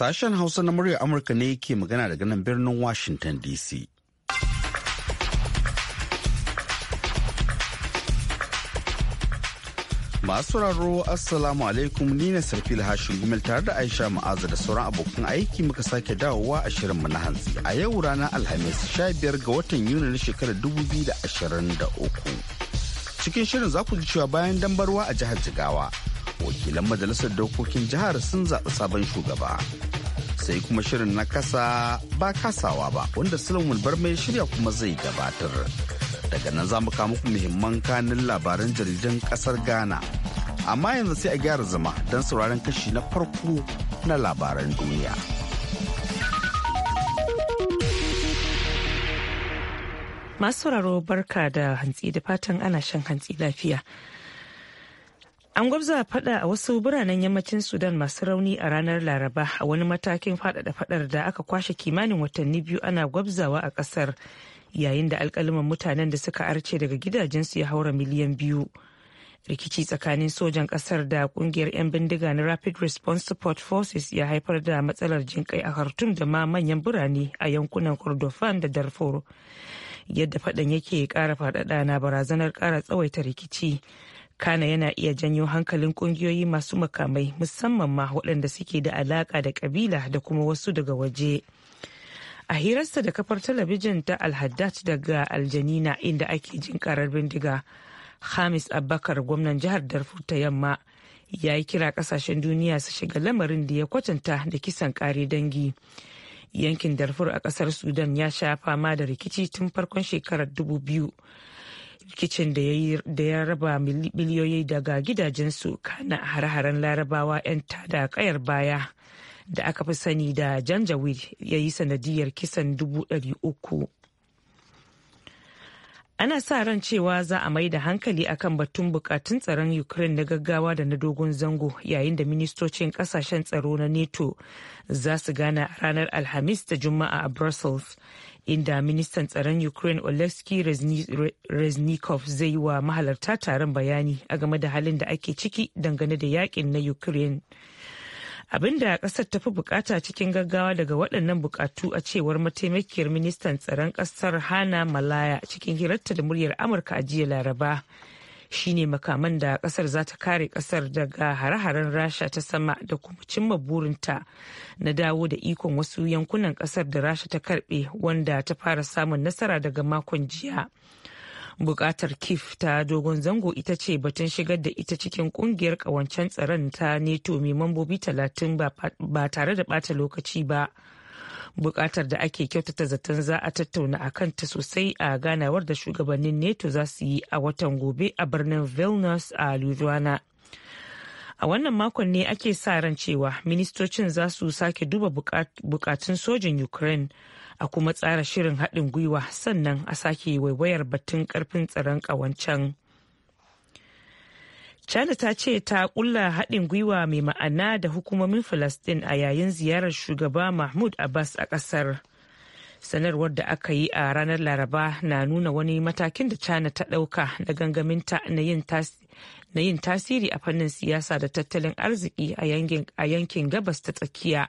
Sashen Hausa na muryar Amurka ne ke magana daga nan birnin Washington DC. Masu raro Assalamu alaikum ni ne Sarfil Hashim Gumel tare da Aisha Ma'aza da sauran abokan aiki muka sake dawowa a mu na hantsi a yau ranar Alhamis 15 ga watan Yuni na shekarar 2023. Cikin shirin za ku ji cewa bayan dambarwa a jihar Jigawa. wakilan majalisar dokokin jihar sun zaɓi sabon shugaba sai kuma shirin na kasa ba kasawa ba wanda sulaiman barmai shirya kuma zai gabatar daga nan za mu kawo muku muhimman kanin labaran jaridan kasar ghana amma yanzu sai a gyara zama don sauraron kashi na farko na labaran duniya masu sauraro barka da hantsi da fatan ana shan hantsi lafiya An gwabza fada a wasu biranen yammacin Sudan masu rauni a ranar Laraba a wani matakin faɗaɗa fadar da aka kwashe kimanin watanni biyu ana gwabzawa a ƙasar yayin da alkalaman mutanen da suka arce daga gidajensu ya haura miliyan biyu. Rikici tsakanin sojan ƙasar da kungiyar 'yan bindiga na Rapid Response Support Forces ya haifar da matsalar jinƙai a Khartoum da ma manyan birane a yankunan Kordofan da Darfur. Yadda faɗan yake ƙara faɗaɗa na barazanar ƙara tsawaita rikici. kana yana iya janyo hankalin kungiyoyi masu makamai musamman ma waɗanda suke da alaƙa da ƙabila da kuma wasu daga waje a hirarsa da kafar talabijin ta alhaddad daga aljanina inda ake jin karar bindiga hamis abbakar gwamnan jihar darfur ta yamma ya yi kira kasashen duniya su shiga lamarin da ya kwatanta da kisan kare dangi yankin darfur a kasar sudan ya sha fama da rikici tun farkon shekarar dubu rikicin da ya raba miliyoyi daga gidajensu kana hare-haren larabawa 'yan tada kayar baya da aka fi sani da janjawid ya yi sanadiyar kisan uku. ana sa ran cewa za a mai da hankali akan batun bukatun tsaron ukraine na gaggawa da na dogon zango yayin da ministocin kasashen tsaro na nato za su gana ranar alhamis da juma'a a brussels inda ministan tsaron ukraine oleksiy reznikov zai yi wa mahalarta taron bayani a game da halin da ake ciki dangane da yakin na ukraine abin da kasar ta fi bukata cikin gaggawa daga waɗannan bukatu a cewar mataimakiyar ministan tsaron kasar hana malaya cikin hirarta da muryar amurka a jiya laraba shine makaman da kasar za ta kare kasar daga hare-haren rasha ta sama da kuma cimma burinta na dawo da ikon wasu yankunan kasar da rasha ta karbe wanda ta fara samun nasara daga makon jiya bukatar kif ta dogon zango ita ce batun shigar da ita cikin kungiyar kawancen tsaron ta neto mai mambobi talatin ba tare da bata lokaci ba. Buƙatar da ake kyautata zaton za a tattauna a kanta sosai a ganawar da shugabannin neto za su yi a watan gobe a birnin vilnius a lithuania a wannan makon ne ake sa ran cewa ministocin za su sake duba bukatun sojin ukraine a kuma tsara shirin haɗin gwiwa sannan a sake waiwayar batun karfin tsaron ƙawancen China ta ce ta kulla haɗin gwiwa mai ma'ana da hukumomin Falastin a yayin ziyarar shugaba Mahmud Abbas a ƙasar. Sanarwar da aka yi a ranar Laraba na nuna wani matakin da China ta ɗauka na gangaminta na yin tasiri a fannin siyasa da tattalin arziki a yankin gabas ta tsakiya.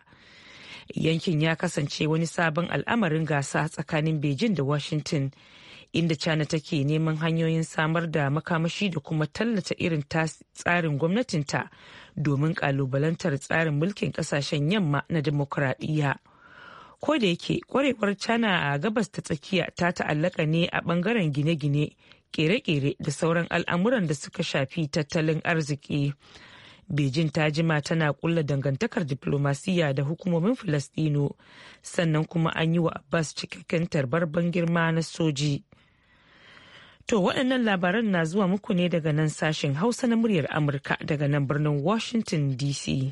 Yankin ya kasance wani sabon al'amarin gasa tsakanin Beijing da Washington. inda China take neman hanyoyin samar da makamashi da kuma tallata irin tsarin gwamnatinta domin kalubalantar tsarin mulkin kasashen yamma na demokuraɗiyya. Ko da yake kwarewar China a gabas ta tsakiya ta ta'allaka ne a bangaren gine-gine, kere-kere da sauran al'amuran da suka shafi tattalin arziki. Beijing ta jima tana kulla dangantakar diplomasiya da hukumomin Filistino, sannan kuma an yi wa Abbas cikakken tarbar ban girma na soji. To waɗannan labaran na zuwa muku ne daga nan sashen Hausa na muryar Amurka daga nan birnin Washington DC.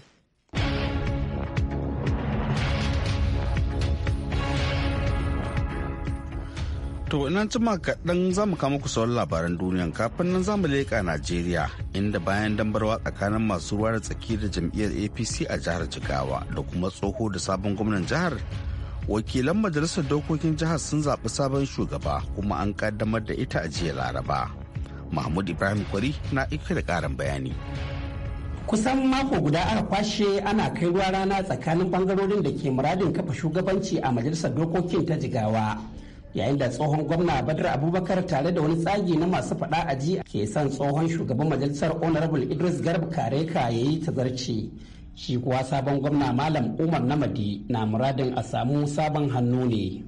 To ina cima kaɗan za mu kama ku sauran labaran duniyan kafin nan za mu leƙa Najeriya inda bayan dambarwa tsakanin masu ruwa da tsaki da jam'iyyar APC a jihar Jigawa da kuma tsoho da sabon gwamnan jihar wakilan majalisar dokokin jihar sun zaɓi sabon shugaba kuma an kaddamar da ita a jiya laraba mahmud ibrahim kwari na ike da ƙarin bayani kusan mako guda aka kwashe ana kai ruwa rana tsakanin bangarorin da ke muradin kafa shugabanci a majalisar dokokin ta jigawa yayin da tsohon gwamna badar abubakar tare da wani tsagi na masu faɗa aji ke son tsohon shugaban majalisar honorable idris garba kareka ya yi tazarci shi kuwa sabon gwamna malam umar namadi na muradin a samu sabon hannu ne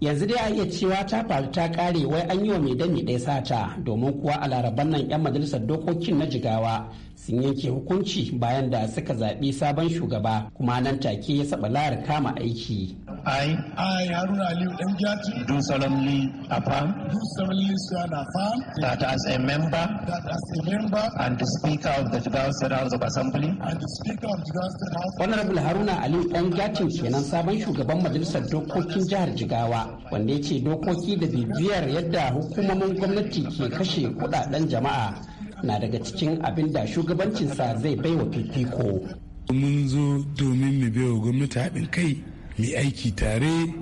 yanzu dai a iya cewa ta faru ta kare wai an yi wa mai dami ɗaya sata domin kuwa a laraban nan 'yan majalisar dokokin na jigawa sun yanke hukunci bayan da suka zaɓi sabon shugaba kuma nan take ya saba lahar kama aiki. I, ai, Haruna Aliyu Danjati, do solemnly affirm, do solemnly swear and affirm that as a member, that as a member and the Speaker of the Jigawa State House of Assembly, and the Speaker of Jigawa State House. Honorable Haruna Aliyu Danjati kenan sabon shugaban majalisar dokokin jihar Jigawa wanda ya ce dokoki da bibiyar yadda hukumomin gwamnati ke kashe kuɗaɗen jama'a na daga cikin abin da shugabancinsa zai bai wa fifiko mun zo domin mu baiwa gwamnati haɗin kai mu aiki tare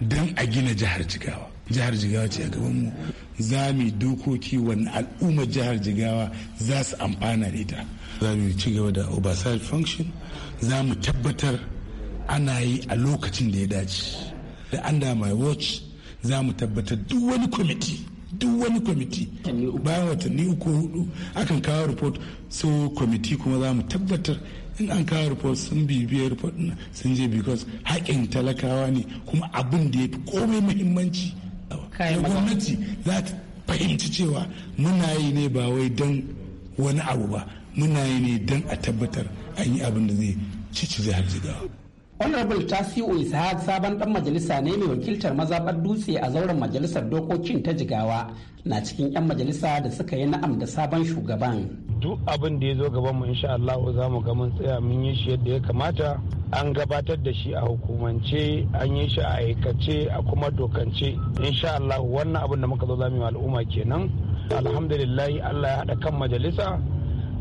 don a gina jihar jigawa jihar jigawa ce a gaban mu za mu dokoki wani al'ummar jihar jigawa za su amfana da ita za mu ci gaba da oversight function za mu tabbatar ana yi a lokacin da ya dace da under my watch za mu tabbatar duk wani kwamiti duk wani kwamiti bayan watanni uku hudu akan kawo report so kwamiti kuma za mu tabbatar in an kawo report sun bibiya report sun je because haƙƙin talakawa ne kuma abin da ya fi komai muhimmanci gwamnati za ta fahimci cewa muna yi ne ba wai don wani abu ba muna yi ne don a tabbatar an yi abin da zai ci zai har jigawa honorable tasiu ishaq sabon dan majalisa ne mai wakiltar mazaɓar dutse a zauren majalisar dokokin ta jigawa na cikin 'yan majalisa da suka yi na'am da sabon shugaban duk abin da ya zo gaban mu insha Allah za mu ga mun tsaya mun yi shi yadda ya kamata an gabatar da shi a hukumance an yi shi a aikace a kuma dokance insha Allah wannan abin da muka zo za mu yi al'umma kenan alhamdulillah Allah ya haɗa kan majalisa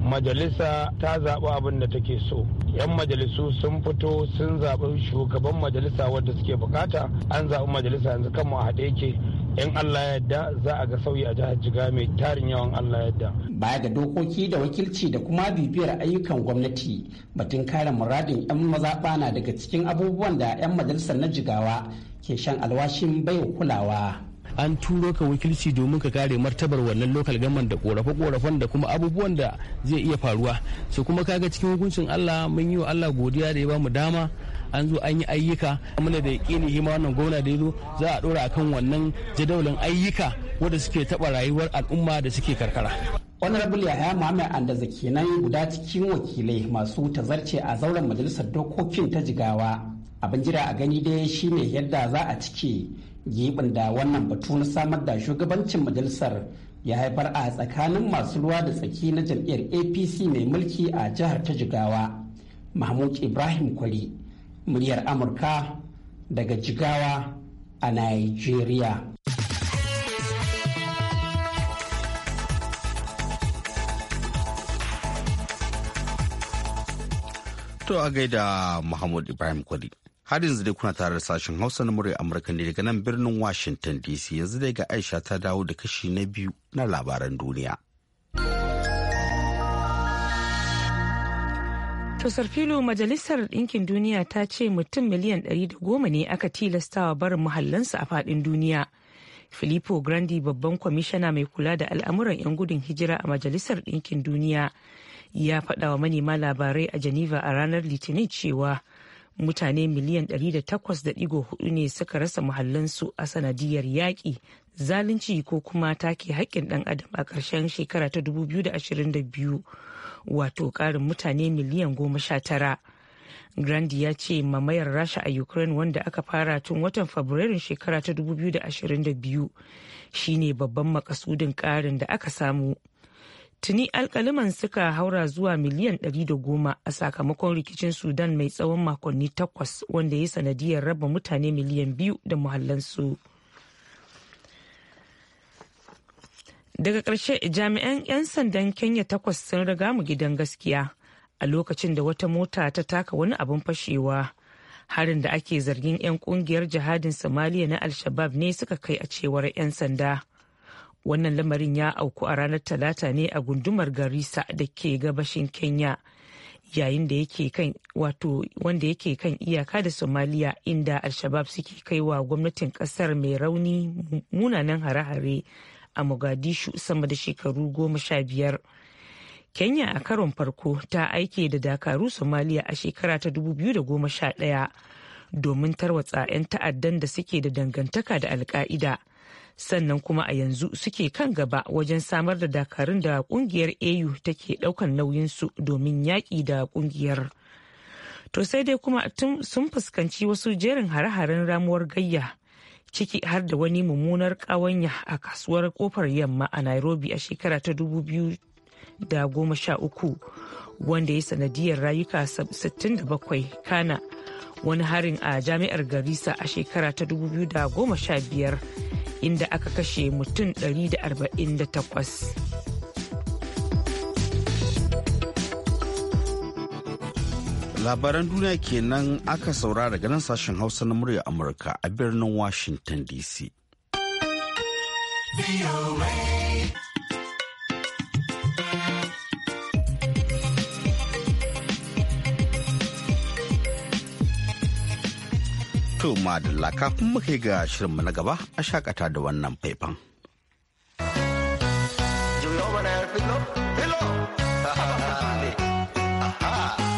majalisa ta zaɓi abin da take so yan majalisu sun fito sun zaɓi shugaban majalisa wanda suke bukata an zaɓi majalisa yanzu kanmu a haɗe yake in Allah yadda za a ga sauyi a jihar Jiga mai tarin yawan Allah yadda. Baya ga dokoki da wakilci da kuma bibiyar ayyukan gwamnati batun kare muradin 'yan mazaɓa na daga cikin abubuwan da 'yan majalisar na jigawa ke shan alwashin baiwa kulawa. an turo ka wakilci domin ka kare martabar wannan lokal gaman da korafe korafen da kuma abubuwan da zai iya faruwa su kuma kaga cikin hukuncin Allah mun yi wa Allah godiya da ya bamu dama an zo an yi ayyuka muna da yakini hima wannan gwamna da ya zo za a dora akan wannan jadawalin ayyuka wanda suke taba rayuwar al'umma da suke karkara honorable yahaya muhammad andaza kenan guda cikin wakilai masu tazarce a zauren majalisar dokokin ta jigawa abin jira a gani dai shine yadda za a cike gibin da wannan batu na samar da shugabancin majalisar ya haifar a tsakanin masu ruwa da tsaki na jam'iyyar apc mai mulki a jihar ta jigawa mahmud ibrahim kwari muryar amurka daga jigawa a nigeria to a gaida mahmud ibrahim kwari har yanzu dai kuna tare da sashen hausa na murya amurka ne daga nan birnin washington dc yanzu dai ga aisha ta dawo da kashi na biyu na labaran duniya tosar filo majalisar ɗinkin duniya ta ce mutum miliyan 110 ne aka tilastawa barin muhallansu a faɗin duniya filippo grandi babban kwamishina mai kula da al'amuran 'yan gudun hijira a majalisar ɗinkin duniya ya faɗa wa manema labarai a geneva a ranar litinin cewa mutane miliyan 800.4 ne suka rasa muhallansu a sanadiyar yaƙi zalunci ko kuma take haƙƙin ɗan adam a ƙarshen shekara ta 2022 wato ƙarin mutane miliyan 19 grandi ya ce mamayar rasha a ukraine wanda aka fara tun watan fabrairun shekara ta 2022 shine babban makasudin ƙarin da aka samu tuni alkaliman suka haura zuwa miliyan 110 a sakamakon rikicin sudan mai tsawon makonni takwas wanda ya sanadiyar raba mutane miliyan biyu da muhallansu daga ƙarshe jami'an 'yan sandan kenya takwas sun riga mu gidan gaskiya a lokacin da wata mota ta taka wani abin fashewa harin da ake zargin 'yan kungiyar jihadin somaliya na al-shabab ne suka kai a cewar 'yan sanda wannan lamarin ya auku a ranar talata ne a gundumar garisa da ke gabashin kenya yayin da yake kan wato wanda yake kan iyaka da somaliya inda alshabab suke kaiwa gwamnatin kasar mai rauni munanan hare-hare a mogadishu sama da shekaru goma sha biyar kenya a karon farko ta aike da dakaru somaliya a shekara ta 2011 domin tarwatsa 'yan ta'addan da suke da dangantaka da alka'ida sannan kuma a yanzu suke kan gaba wajen samar da dakarun da kungiyar au take daukan nauyinsu domin yaƙi da kungiyar to sai dai kuma tun sun fuskanci wasu jerin hare-haren ramuwar gayya ciki har da wani mummunar ƙawanya a kasuwar kofar yamma a nairobi a shekara ta 2013 wanda ya sanadiyar rayuka 67 kana wani harin a jami'ar garisa a shekara ta 2015 inda aka kashe mutum 148 labaran duniya kenan aka saurara daga nan sashen hausa na murya amurka a birnin washington dc To madalla kafin muka yi ga shirinmu na gaba a shakata da wannan faifan. Juyo mana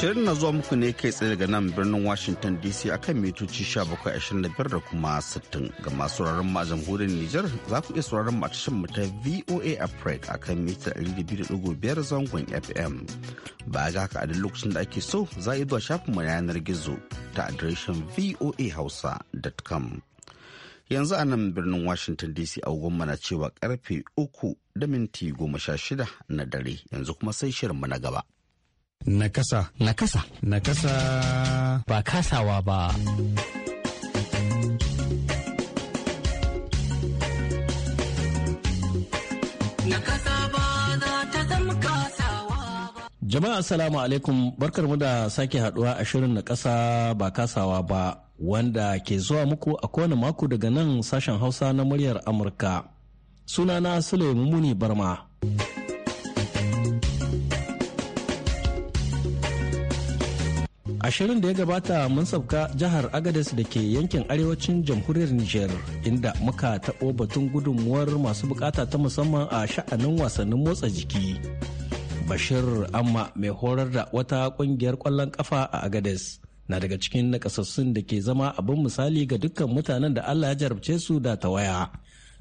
Shirin na zuwa muku ne kai tsaye daga nan birnin Washington DC akan mitoci 1725 da kuma 60 ga masu sauraron a jamhuriyar Nijar za ku iya sauraron ma tashin mu ta VOA Africa akan mita 200.5 zangon FM. Ba ga haka a duk lokacin da ake so za a yi zuwa shafin mu yanar gizo ta adireshin voahausa.com. Yanzu a nan birnin Washington DC agogon mana cewa karfe 3 da minti 16 na dare yanzu kuma sai shirin mu na gaba. Nakasa. Nakasa. Nakasa. Ba kasawa ba. Jama'a Assalamu alaikum mu da sake haduwa a shirin na kasa ba kasawa ba wanda ke zuwa muku a kowane mako daga nan sashen Hausa na muryar Amurka. Sunana Suleiman Muni Barma. ashirin da ya gabata mun sabka jihar agadez da ke yankin arewacin jamhuriyar niger inda muka taɓo batun gudunmuwar masu bukata ta musamman a sha'anin wasannin motsa jiki bashir amma mai horar da wata ƙungiyar ƙwallon ƙafa a agadez na daga cikin nakasassun da ke zama abin misali ga dukkan mutanen da allah ya jarabce su da ta waya.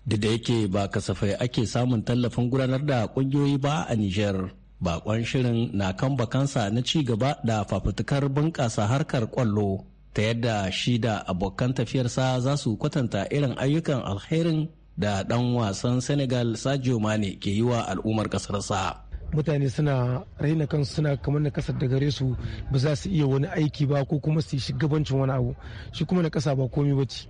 da yake ba kasafai ake samun tallafin gudanar da ƙungiyoyi ba a niger bakon shirin na kan bakansa na ci gaba da fafutukar bunƙasa harkar kwallo ta yadda shi da abokan tafiyarsa za su kwatanta irin ayyukan alherin da dan wasan senegal sadio mane ke yi wa al'ummar ƙasarsa. mutane suna raina kan suna kamar na kasar da gare su ba za su iya wani aiki ba ko kuma su yi shugabancin wani abu shi kuma na kasa ba komi ba ce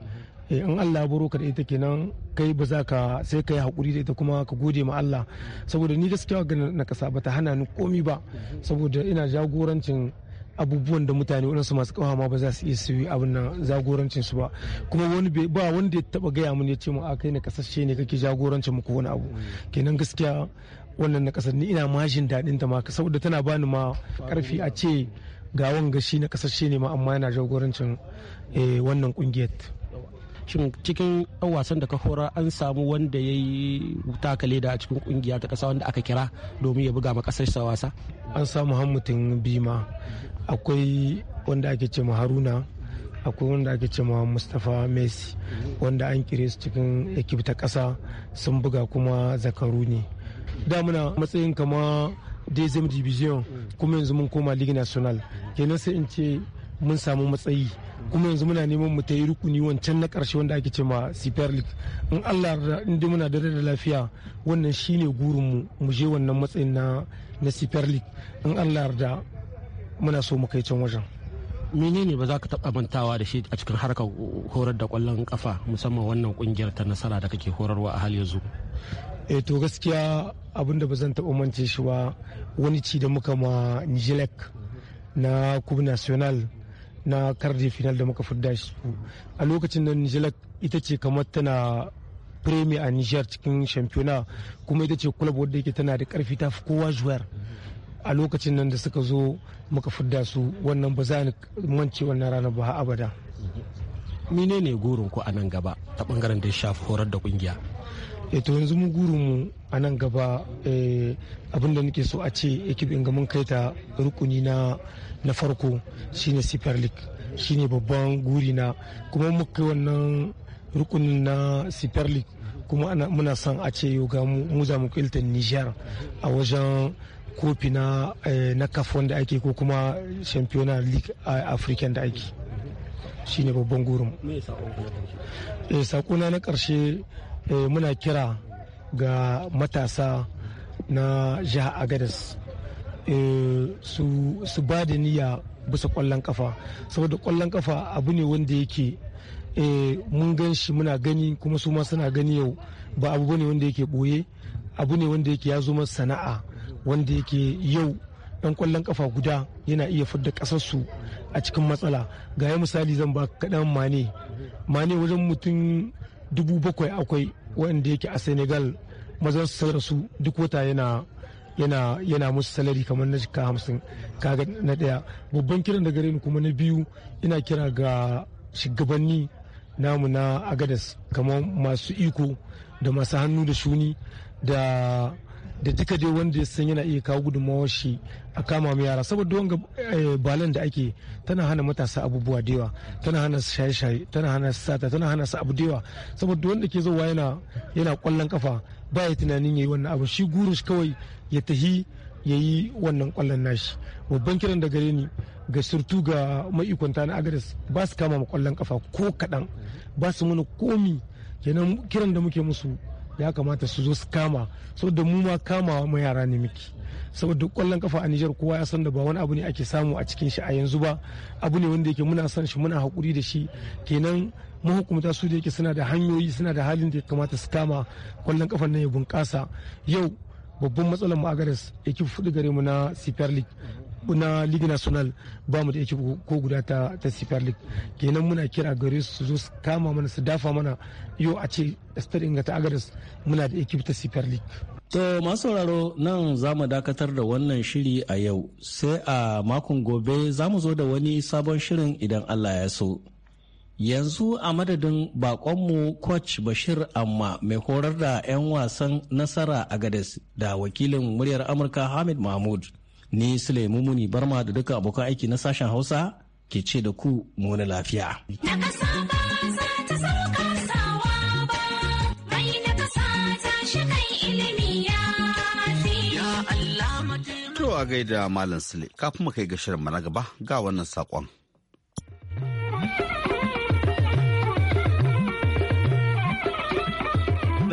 Eh, in Allah ya baro ka da ita kenan kai ba za ka sai ka yi hakuri da ita kuma ka gode ma Allah saboda ni gaskiya ga na kasa ba ta hana ni komi ba saboda ina jagorancin abubuwan da mutane waɗansu masu kawa ma ba za su iya siyo abin nan jagorancin su ba kuma wani ba wanda ya taba gaya mun ya ce mu a kai na kasashe ne kake jagorancin mu ko wani abu kenan gaskiya wannan na kasar ni ina mashin daɗin ta ma saboda tana bani ma karfi a ce ga wanga shi na kasashe ne ma amma yana jagorancin eh, wannan kungiyar shin cikin yan wasan da ka an samu wanda ya yi taka leda a cikin kungiya ta kasa wanda aka kira domin ya buga ma wasa an samu hammutin bima akwai wanda ake ce haruna akwai wanda ake ce ma mustapha messi wanda an kire su cikin ekip ta kasa sun buga kuma zakaru ne da matsayin kama dezem division kuma yanzu mun koma league national kenan sai in ce mun samu matsayi kuma yanzu muna neman mu ta yi rukuni wancan na karshe wanda ake ce ma super league in allah inda muna da da lafiya wannan shine gurin mu mu je wannan matsayin na na super league in allah yarda muna so mu kai can wajen menene ba za ka taɓa mantawa da shi a cikin harkar horar da ƙwallon kafa musamman wannan ƙungiyar ta nasara da kake horarwa a hal yanzu eh to gaskiya abin da ba zan taɓa mance shi ba wani ci da muka ma nijilek na kub national na kardi final da muka fudda shi a lokacin nan jilak ita ce kamar tana premier a Nijar cikin shampiyona kuma ita ce club wadda yake tana da karfi ta fi kowa juwar a lokacin nan da suka zo muka fudda su wannan ba za ni mance wannan ranar ba abada menene gurin ku a nan gaba ta bangaren da ya shafi horar da kungiya e to yanzu mu guru mu a nan gaba eh, abin da nake so a ce ekip in mun kai ta rukuni na na farko shine super league shine babban guri na kuma muka wannan rukunin na super league kuma muna son a ce yau ga mu za mu kilta niger a wajen kofi na eh, na kafon da ake ko kuma championnat league african da ake shine babban gurin sakona na karshe Eh, muna kira ga matasa na jihar agadas eh, su ba da niyya bisa kwallon kafa saboda kwallon kafa abu ne wanda yake eh, mun gan shi muna gani kuma su ma suna gani yau ba abu ne wanda yake boye abu ne wanda yake ya zuma sana'a wanda yake yau dan kwallon kafa guda yana iya fidda kasarsu a cikin matsala ga ya misali zan ba kaɗan mane mane wajen mutum dubu bakwai akwai wanda yake a senegal mazan su duk wata yana yana yana musu salari kamar na shika hamsin kaga na daya babban kiran da gare ni kuma na biyu ina kira ga shugabanni namu na agadas kamar masu iko da masu hannu da shuni da da duka dai wanda ya san yana iya kawo gudunmawa shi a kama mu yara saboda wanga eh, balan da ake tana hana matasa abubuwa da yawa tana hana shaye-shaye tana hana sata tana hana su abu da yawa saboda wanda ke zuwa yana yana kwallon kafa ba ya tunanin yayi wannan abu shi gurush kawai ya tahi yayi wannan kwallon nashi babban kiran da gare ni ga surtu ga mai maikwanta na agaris ba su kama kwallon kafa ko kaɗan ba su mana komi kenan kiran da muke musu ya kamata su zo su kama saboda mu ma kamawa mu yara ne miki saboda kwallon kafa a Nijar kowa ya san da ba wani abu ne ake samu a cikin shi a yanzu ba abu ne wanda yake muna son shi muna hakuri da shi kenan mahukunta su da yake suna da hanyoyi suna da halin da ya kamata su kama kwallon kafan nan ya bunƙasa yau babban matsalar mu agares ekip fudu gare mu na super league na league national ba mu da ekip ko guda ta ta super league kenan muna kira gare su zo su kama mana su dafa mana yo a ce stade inga ta agares muna da ekip ta super league To masu sauraro nan za mu dakatar da wannan shiri a yau sai a makon gobe za mu zo da wani sabon shirin idan Allah ya so. Yanzu a madadin bakonmu Coach Bashir Amma mai horar da 'yan wasan nasara a Gades da wakilin muryar Amurka Hamid Mahmud ni sule mumuni barma da duka abokan aiki na sashen hausa ke ce da ku wani lafiya To a gaida Malam Sule, kafin mu kai ga shirin na gaba ga wannan saƙon.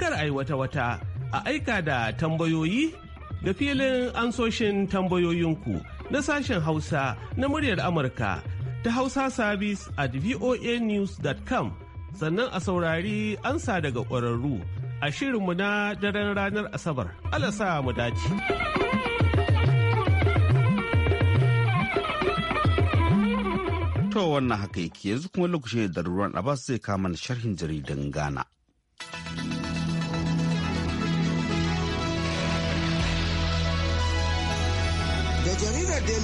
kar a yi wata-wata a aika da tambayoyi da filin ansoshin tambayoyinku na sashen hausa na muryar amurka ta hausa service at voanews.com sannan a saurari ansa daga ƙwararru a shirinmu na daren ranar asabar alasa mu dace. To wannan haka yake yanzu kuma lokacin da ruwan Abbas zai kama sharhin jaridan Ghana.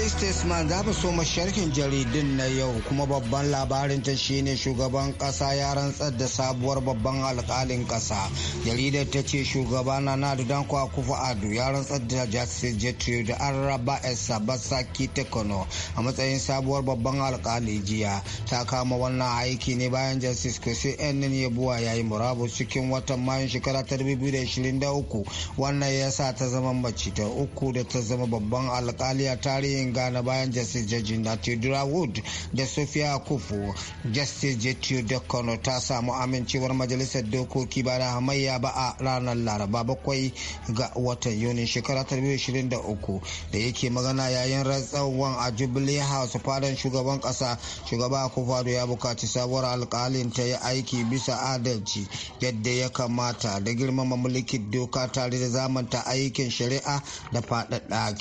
states man za mu so sharhin jaridun na yau kuma babban labarin ta shine shugaban kasa ya rantsar da sabuwar babban alkalin kasa. Jaridar ta ce shugaba na Nadu Danko Akufo Ado ya rantsar da Justice Jetro da Araba basaki Tekono a matsayin sabuwar babban alkali jiya. Ta kama wannan aiki ne bayan Justice Kusi Enin Yabuwa ya yi murabus cikin watan Mayun shekara ta 2023 wannan ya sa ta zama mace ta uku da ta zama babban alkali a tarihin ghana bayan justice jaji na theodora wood da sophia kufu justice da kano ta samu amincewar majalisar dokoki ba da hamayya ba a ranar laraba bakwai ga watan yuni shekara ta da uku da yake magana yayin rantsarwan a jubilee house fadan shugaban kasa shugaba kufado ya bukaci sabuwar alkalin ta yi aiki bisa adalci yadda ya kamata da girmama mulkin doka tare da zamanta aikin shari'a da faɗaɗa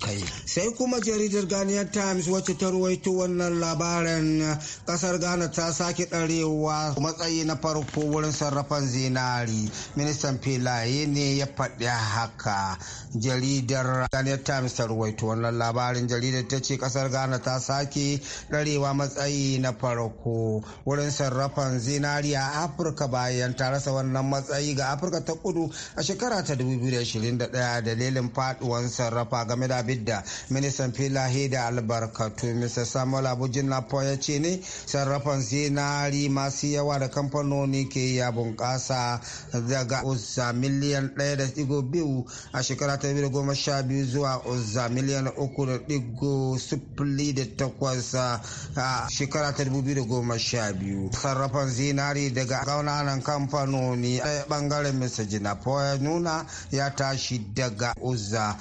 kai. sai kuma jere jaridar Ghanaian Times wacce ta ruwaito wannan labarin kasar Ghana ta sake ɗarewa matsayi na farko wurin sarrafan zinari. Ministan filaye ne ya faɗi haka. Jaridar Ghanaian Times ta ruwaito wannan labarin jaridar ta ce kasar Ghana ta sake ɗarewa matsayi na farko wurin sarrafan zinari a Afirka bayan ta rasa wannan matsayi ga Afirka ta kudu a shekara ta 2021 dalilin faɗuwan sarrafa game da abin da ministan filaye ilahi da albarkatu mr samuel abujin lapo ya ce ne sarrafan zinari masu yawa da kamfanoni ke ya bunƙasa daga uzza miliyan 1.2 a shekara ta sha biyu zuwa uzza miliyan 3.08 a shekara ta biyu goma sha biyu sarrafan zinari daga gaunanan kamfanoni a bangaren mr jinapo ya nuna ya tashi daga uzza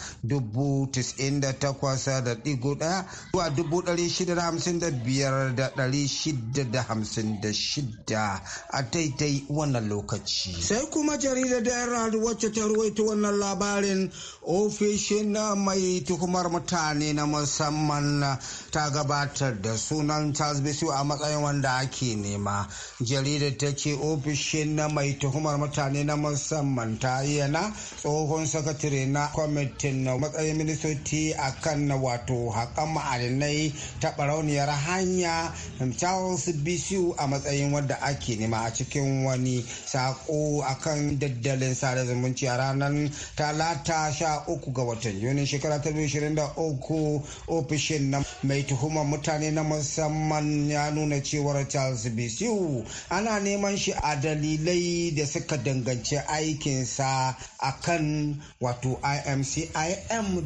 da. ɗaya zuwa dubu ɗari shida da hamsin da biyar da ɗari shida da hamsin da shida a taitai wannan lokaci. Sai kuma jarida da Herald wacce ta ruwaito wannan labarin ofishin mai tuhumar mutane na musamman ta gabatar da sunan Charles a matsayin wanda ake nema. Jarida ta ce ofishin mai tuhumar mutane na musamman ta yana tsohon sakatare na kwamitin na matsayin ministoci a kan wato wato haƙan ma'adinai ta barauniyar hanya charles a matsayin wadda ake nema a cikin wani sako akan daddalin sada zumunci a ranar talata sha uku ga watan yunin shekara ta da uku ofishin na mai tuhumar mutane na musamman ya nuna cewar charles bcu ana neman shi a dalilai da suka danganci aikinsa akan wato imcim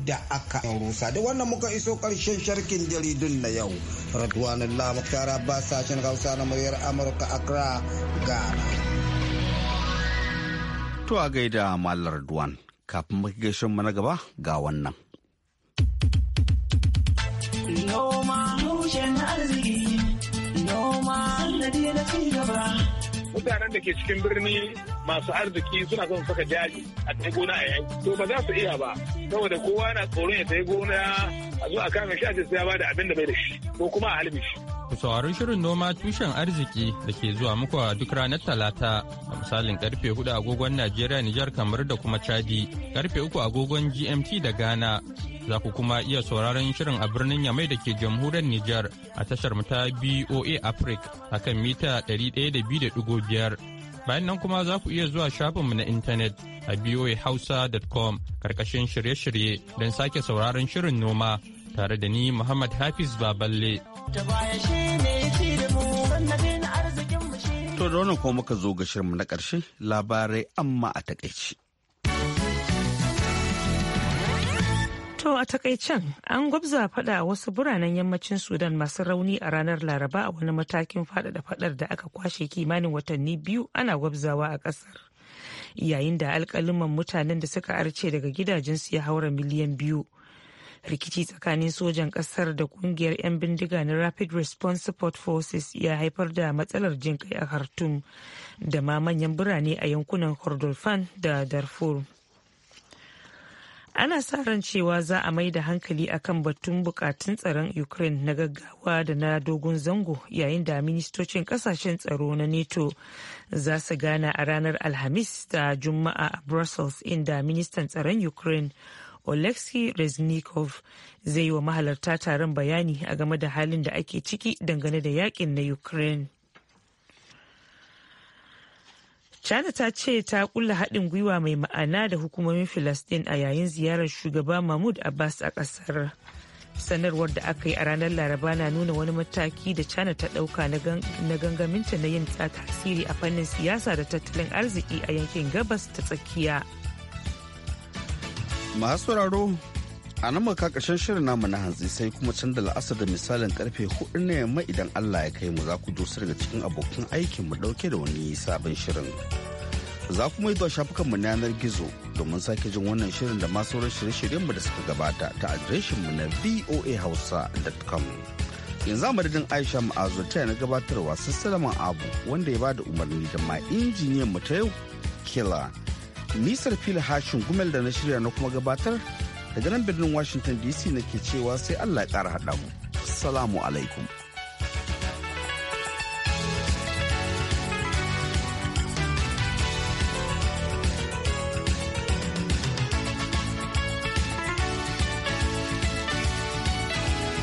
da aka rusa da wannan muka iso ƙarshen sharkin jaridun na yau radwanan lamuktara ba sashen hausa na muryar amurka accra ghana to a gaida malar duwan kafin muka gaishen mu na gaba ga wannan mutanen da ke cikin birni masu arziki suna son saka jari a ta gona a yayi to ba za su iya ba saboda kowa na tsoron ya ta gona a zo a kama shi a ya bada abin da bai da shi ko kuma a halbe shi. Ku saurari shirin noma tushen arziki da ke zuwa muku a duk ranar talata a misalin karfe hudu agogon Najeriya Nijar kamar da kuma Chadi karfe uku agogon GMT da Ghana. Za ku kuma iya sauraron shirin a birnin Yamai da ke jamhuriyar Nijar a tashar ta BOA Africa a kan mita 102.5. Bayan nan kuma za ku iya zuwa shafinmu na intanet a voahausa.com karkashin shirye-shirye don sake sauraron shirin noma tare da ni Muhammad Hafiz Baballe. To da wannan kuma muka zo ga shirinmu na ƙarshe labarai amma a takaici. To a takaicen an gwabza fada a wasu biranen yammacin Sudan masu rauni a ranar Laraba a wani matakin faɗaɗa fadar da aka kwashe kimanin watanni biyu ana gwabzawa a ƙasar. yayin da alkaliman mutanen da suka arce daga gidajensu ya haura miliyan biyu rikici tsakanin sojan kasar da kungiyar 'yan bindiga na rapid response support forces ya haifar da matsalar jin kai a khartoum da ma manyan birane a yankunan kordofan da darfur ana sa ran cewa za a mai da hankali akan batun bukatun tsaron ukraine na gaggawa da na dogon zango yayin da ministocin kasashen tsaro na nato za su gana a ranar alhamis da juma'a a brussels inda ministan tsaron ukraine Oleksiy Reznikov zai yi wa mahalarta taron bayani a game da halin da ake ciki dangane da yakin na Ukraine. China ta ce ta kulla haɗin gwiwa mai ma'ana da hukumomin Filastin a yayin ziyarar shugaba Mahmud Abbas a ƙasar. Sanarwar da aka yi a ranar Laraba na nuna wani mataki da China ta ɗauka na gangaminta na yin tasiri a fannin siyasa da tattalin arziki a yankin gabas ta tsakiya. Masu a nan maka shirin namu na hantsi sai kuma can da la'asar da misalin karfe hudu na yamma idan allah ya kai mu za ku dosar daga cikin abokin aikin mu ɗauke da wani sabon shirin za ku yi zuwa mu na yanar gizo domin sake jin wannan shirin da masu sauran shirye shiryen mu da suka gabata ta mu na hausa voahausa.com yanzu madadin aisha ma'azu ta na gabatarwa sassalaman abu wanda ya bada umarni da ma injiniyan mu ta yau kila nisar fili hashin gumel da na shirya na kuma gabatar daga nan birnin washington dc nake cewa sai allah ya kara haɗa mu salamu alaikum